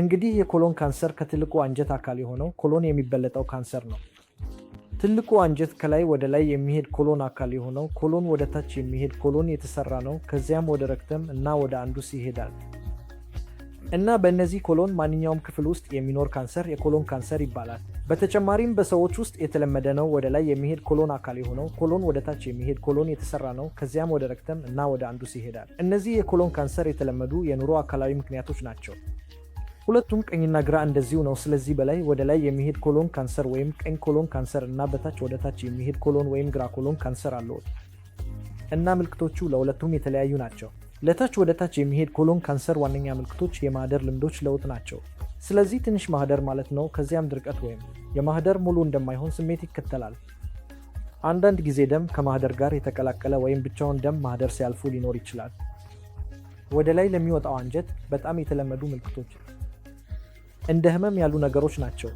እንግዲህ የኮሎን ካንሰር ከትልቁ አንጀት አካል የሆነው ኮሎን የሚበለጠው ካንሰር ነው። ትልቁ አንጀት ከላይ ወደ ላይ የሚሄድ ኮሎን አካል የሆነው ኮሎን ወደ ታች የሚሄድ ኮሎን የተሰራ ነው። ከዚያም ወደ ረክተም እና ወደ አንዱስ ይሄዳል እና በእነዚህ ኮሎን ማንኛውም ክፍል ውስጥ የሚኖር ካንሰር የኮሎን ካንሰር ይባላል። በተጨማሪም በሰዎች ውስጥ የተለመደ ነው። ወደ ላይ የሚሄድ ኮሎን አካል የሆነው ኮሎን ወደ ታች የሚሄድ ኮሎን የተሰራ ነው። ከዚያም ወደ ረክተም እና ወደ አንዱስ ይሄዳል። እነዚህ የኮሎን ካንሰር የተለመዱ የኑሮ አካላዊ ምክንያቶች ናቸው። ሁለቱም ቀኝና ግራ እንደዚሁ ነው። ስለዚህ በላይ ወደ ላይ የሚሄድ ኮሎን ካንሰር ወይም ቀኝ ኮሎን ካንሰር እና በታች ወደ ታች የሚሄድ ኮሎን ወይም ግራ ኮሎን ካንሰር አለዎት እና ምልክቶቹ ለሁለቱም የተለያዩ ናቸው። ለታች ወደ ታች የሚሄድ ኮሎን ካንሰር ዋነኛ ምልክቶች የማህደር ልምዶች ለውጥ ናቸው። ስለዚህ ትንሽ ማህደር ማለት ነው። ከዚያም ድርቀት ወይም የማህደር ሙሉ እንደማይሆን ስሜት ይከተላል። አንዳንድ ጊዜ ደም ከማህደር ጋር የተቀላቀለ ወይም ብቻውን ደም ማህደር ሲያልፉ ሊኖር ይችላል። ወደ ላይ ለሚወጣው አንጀት በጣም የተለመዱ ምልክቶች እንደ ህመም ያሉ ነገሮች ናቸው።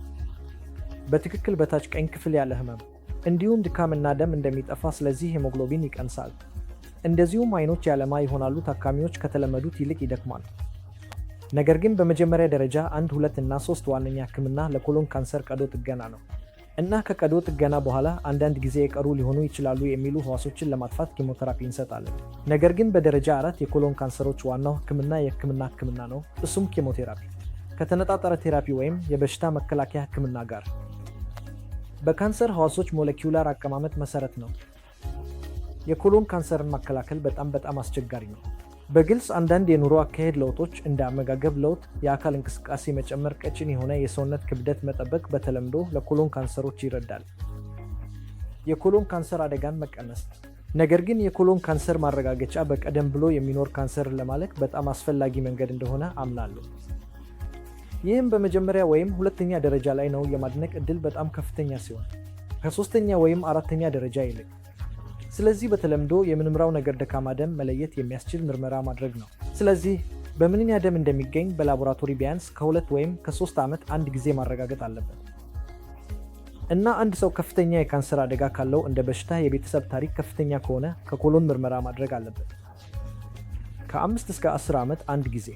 በትክክል በታች ቀኝ ክፍል ያለ ህመም እንዲሁም ድካምና ደም እንደሚጠፋ፣ ስለዚህ ሄሞግሎቢን ይቀንሳል። እንደዚሁም አይኖች ያለማ ይሆናሉ። ታካሚዎች ከተለመዱት ይልቅ ይደክማል። ነገር ግን በመጀመሪያ ደረጃ አንድ፣ ሁለት እና ሶስት ዋነኛ ህክምና ለኮሎን ካንሰር ቀዶ ጥገና ነው እና ከቀዶ ጥገና በኋላ አንዳንድ ጊዜ የቀሩ ሊሆኑ ይችላሉ የሚሉ ህዋሶችን ለማጥፋት ኪሞቴራፒ እንሰጣለን። ነገር ግን በደረጃ አራት የኮሎን ካንሰሮች ዋናው ህክምና የህክምና ህክምና ነው፣ እሱም ኪሞቴራፒ ከተነጣጠረ ቴራፒ ወይም የበሽታ መከላከያ ህክምና ጋር በካንሰር ህዋሶች ሞለኪውላር አቀማመጥ መሰረት ነው። የኮሎን ካንሰርን ማከላከል በጣም በጣም አስቸጋሪ ነው። በግልጽ አንዳንድ የኑሮ አካሄድ ለውጦች እንደ አመጋገብ ለውጥ፣ የአካል እንቅስቃሴ መጨመር፣ ቀጭን የሆነ የሰውነት ክብደት መጠበቅ በተለምዶ ለኮሎን ካንሰሮች ይረዳል። የኮሎን ካንሰር አደጋን መቀነስ ነገር ግን የኮሎን ካንሰር ማረጋገጫ በቀደም ብሎ የሚኖር ካንሰርን ለማለት በጣም አስፈላጊ መንገድ እንደሆነ አምናለሁ። ይህም በመጀመሪያ ወይም ሁለተኛ ደረጃ ላይ ነው የማድነቅ ዕድል በጣም ከፍተኛ ሲሆን ከሶስተኛ ወይም አራተኛ ደረጃ ይልቅ። ስለዚህ በተለምዶ የምንምራው ነገር ደካማ ደም መለየት የሚያስችል ምርመራ ማድረግ ነው። ስለዚህ በምንኛ ደም እንደሚገኝ በላቦራቶሪ ቢያንስ ከሁለት ወይም ከሶስት ዓመት አንድ ጊዜ ማረጋገጥ አለበት እና አንድ ሰው ከፍተኛ የካንሰር አደጋ ካለው እንደ በሽታ የቤተሰብ ታሪክ ከፍተኛ ከሆነ ከኮሎን ምርመራ ማድረግ አለበት ከአምስት እስከ አስር ዓመት አንድ ጊዜ